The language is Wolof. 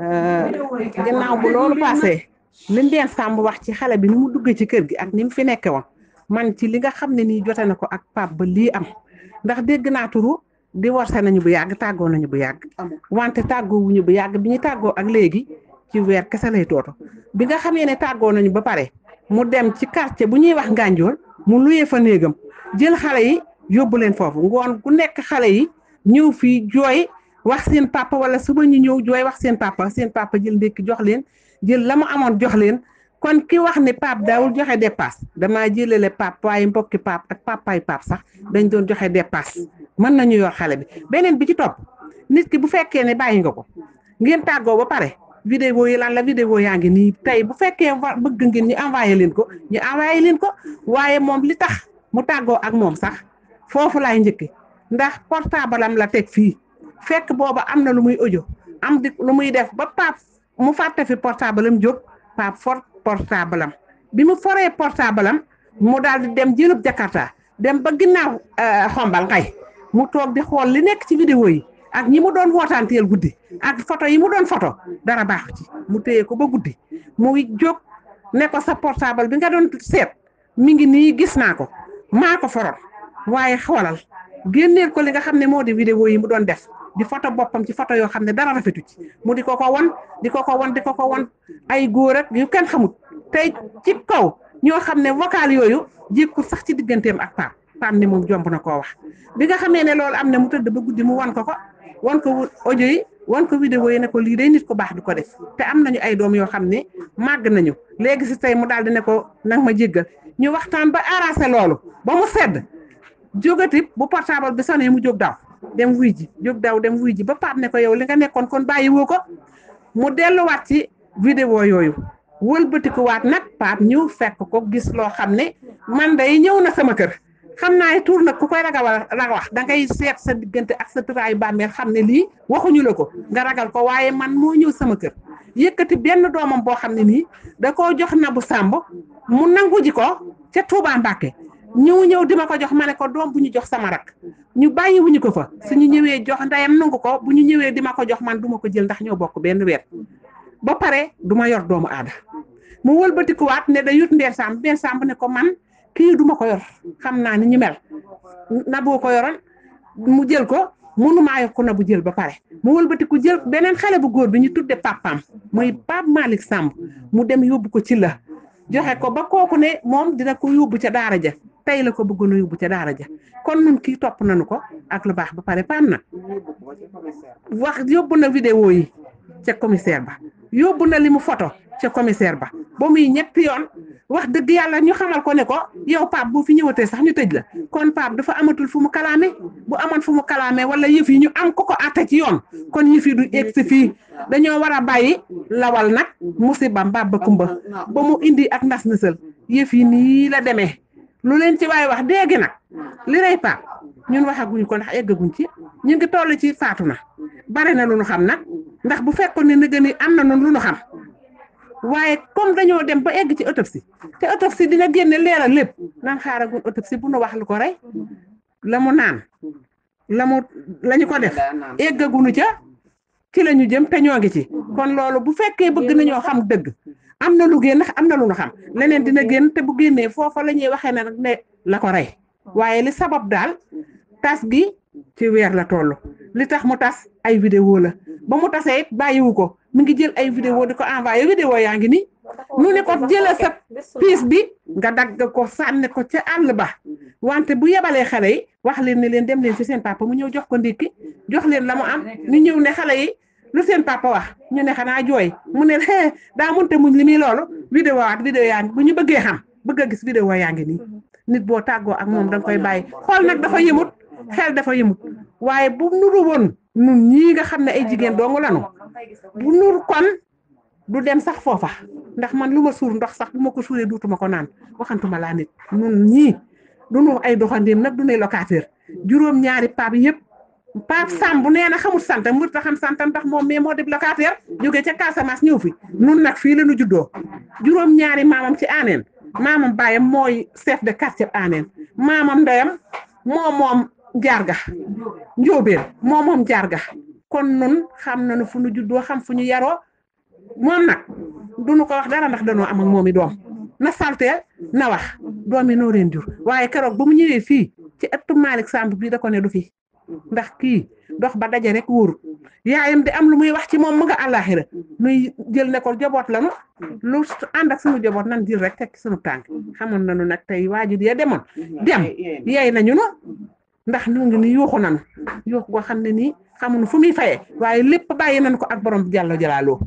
Euh, ginnaaw bu loolu passé liñ deen sàmb wax ci xale bi ni mu duggee ci kër gi ak ni mu fi nekke woon man ci li nga xam ne nii jote na ko ak pap ba lii am ndax dégg naa turu di warse nañu bu yàgg tàggoo nañu bu yàgg wante tàggoo wuñu bu yàgg bi ñu tàggoo ak léegi ci weer kese lay tooto bi nga xamee ne tàggoo nañu ba pare mu dem ci quartier bu ñuy wax ngànjool mu luyee fa néegam jël xale yi yóbbu leen foofu ngoon ku nekk xale yi ñëw fi jooy wax seen papa wala suba ñu ñëw jooy wax seen papa seen papa jël ndékki jox leen jël la mu amoon jox leen kon ki wax ne pap daawul joxe dépasse damaa jëlale pap waaye mbokki pap ak papaay pap sax dañ doon joxe dépasse mën nañu yor xale bi beneen bi ci topp nit ki bu fekkee ne bàyyi nga ko ngeen tàggoo ba pare vidéo yi lan la vidéo yaa ngi nii tey bu fekkee bëgg ngeen ñu envoyé leen ko ñu envoyé leen ko waaye moom li tax mu tàggoo ak moom sax foofu laay njëkki ndax portable am la teg fii fekk booba am na lu muy ojo am di lu muy def ba paap mu fàtte fi portable am jóg paap for portable bi mu foree portable am mu daal di dem jëlub jakarta dem ba ginnaaw euh, xombal ngay mu toog di xool li nekk ci vidéo yi ak ñi mu doon wootaanteel guddi ak photo yi mu doon photo dara baaxu ci mu téye ko ba guddi mu jóg ne ko sa portable bi nga doon seet mi ngi nii gis naa ko maa ko foroon waaye xoolal génneel ko li nga xam ne moo di vidéo yi mu doon def di photo boppam ci photo yoo xam ne dara rafetu ci mu di ko ko won di ko ko won di ko ko ay góor ak yu kenn xamut tey ci kaw ñoo xam ne vocal yooyu jékku sax ci digganteem ak paam paam ni moom jomb na ko wax bi nga xamee ne loolu am na mu tëdd ba guddi mu wan ko ko wan ko audio yi wan ko vidéo yi ne ko lii day nit ku baax du ko def te am nañu ay doom yoo xam ne màgg nañu léegi si tey mu daal di ne ko nag ma jéggal ñu waxtaan ba arrangé loolu ba mu sedd jógatib bu portable bi mu jóg daw dem wuy ji jóg daw dem wuy ji ba paat ne ko yow li nga nekkoon kon bàyyi woo ko mu delluwaat ci vidéo yooyu wëlbatikuwaat nag paat ñëw fekk ko gis loo xam ne man day ñëw na sama kër xam naa tuur nag ku koy ragal ragal wax da ngay seet sa diggante ak sa turaayu bàmmeel xam ne lii waxuñu la ko nga ragal ko waaye man moo ñëw sama kër yëkkati benn doomam boo xam ne nii da koo jox na bu sàmb mu nangu ji ko ca Touba Mbacke ñëw ñëw di ko jox ma ne ko doom bu ñu jox sama rak ñu bàyyi wuñu ko fa ñu ñëwee jox ndeyam nangu ko bu ñu ñëwee di ma ko jox man du ma ko jël ndax ñoo bokk benn weer ba pare du ma yor doomu aada mu wëlbatikuwaat ne da yut ndeer sàmb ndeer sàmb ne ko man kii duma ko yor xam naa ni ñu mel na boo ko yoroon mu jël ko mënumaa yor ko na bu jël ba pare mu wëlbatiku jël beneen xale bu góor bi ñu tudde papaam muy Pape Malick Samb mu dem yóbbu ko ci la joxe ko ba kooku ne moom dina ko yóbbu ca daara ja tey la ko bëgg a yóbbu ca daara ja kon nun kii topp nañu ko ak lu baax ba pare paan na wax yóbbu na vidéo yi ca commissaire ba yóbbu na li mu photo ca commissaire ba ba muy ñetti yoon wax dëgg yàlla ñu xamal ko ne ko yow Pape bu fi ñëwatee sax ñu tëj la kon Pape dafa amatul fu mu kalaame bu aman fu mu kalaame wala yëf yi ñu am ko ko àtte ci yoon kon yëf yi du egsi fii dañoo war a bàyyi lawal nag musiba mbaa ba kumba ba mu indi ak nas nasal yëf yi nii la demee lu leen ci waaye wax dégg na hmm. li rey paap ñun waxaguñ ko ndax eggaguñ ci hmm. ñu ngi toll ci faatu na hmm. bare na lu nu xam na ndax bu fekkoon ne nëgë ni am na nun lu nu xam waaye comme dañoo dem ba egg ci autopsie te autopsie dina génne leeral lépp nan xaaragun autopsie bu nu wax lu ko rey la mu naan la mu la ñu ko def eggaguñu ca ci la ñu jëm te ñoo ngi ci kon loolu bu fekkee bëgg nañoo xam dëgg am na lu génn am na lu nu xam leneen dina génn te bu génnee foofa la ñuy waxee na nag ne la ko rey waaye li sabab daal tas gi ci weer la toll li tax mu tas ay vidéo la ba mu tasee it bàyyiwu ko mi ngi jël ay vidéo di ko envoyé vidéo yaa ngi nii nu ne ko jëla sa piis bi nga dagg ko sànni ko ca àll ba wante bu yebalee xale yi wax leen ne leen dem leen ci seen papa mu ñëw jox ko ndékki jox leen la mu am ñu ñëw ne xale yi lu seen papa wax ñu ne xanaa jooy mu ne eh, daa mënta muñ li muy loolu vidéo ak vidéo yaa ngi bu ñu bëggee xam bëgg a gis vidéo yaa ngi ni nit boo tàggoo ak moom danga koy bàyyi xool nag dafa yëmut xel dafa yëmut waaye bu nuru woon nun ñii nga xam ne ay jigéen doo nga lanu bu nuru kon du dem sax foofa ndax man lu ma suur ndox sax du ma ko suuree duutuma ko naan waxantuma laa nit nun ñii du nu ay doxandéem nag du ne locataire juróom ñaari paab yëpp Pape Samb nee na xamul sant mu ta xam sant ndax moom mais moo di locataire ca Casamance ñëw fi nun nag fii la ñu juddoo juróom-ñaari maamam ci Anen maamam baayam mooy chef de quartier Anen maamam ndeyam moom moom jaarga njóobeen moom moom jaarga kon nun xam nañu fu ñu juddoo xam fu ñu yaro moom nag duñu ko wax dara ndax danoo am ak moom i doom na salteel na wax doom no noo leen jur waaye keroog ba mu ñëwee fii ci ëttu Malick Samb bii da ko ne du fi. ndax kii dox ba daje rek wóorut yaayam di am lu muy wax ci moom mu nga àllaaxira nuy jël ne ko la lanu lu ànd ak suñu jaboot nan jël rek teg suñu tànk na nañu nag tey waaju ya demoon dem yey nañu nu ndax nu ngi ni yuuxu nanu yuuxu goo xam ne nii xamuñu fu muy faye waaye lépp bàyyi nañ ko ak borom jàllo jalaaloo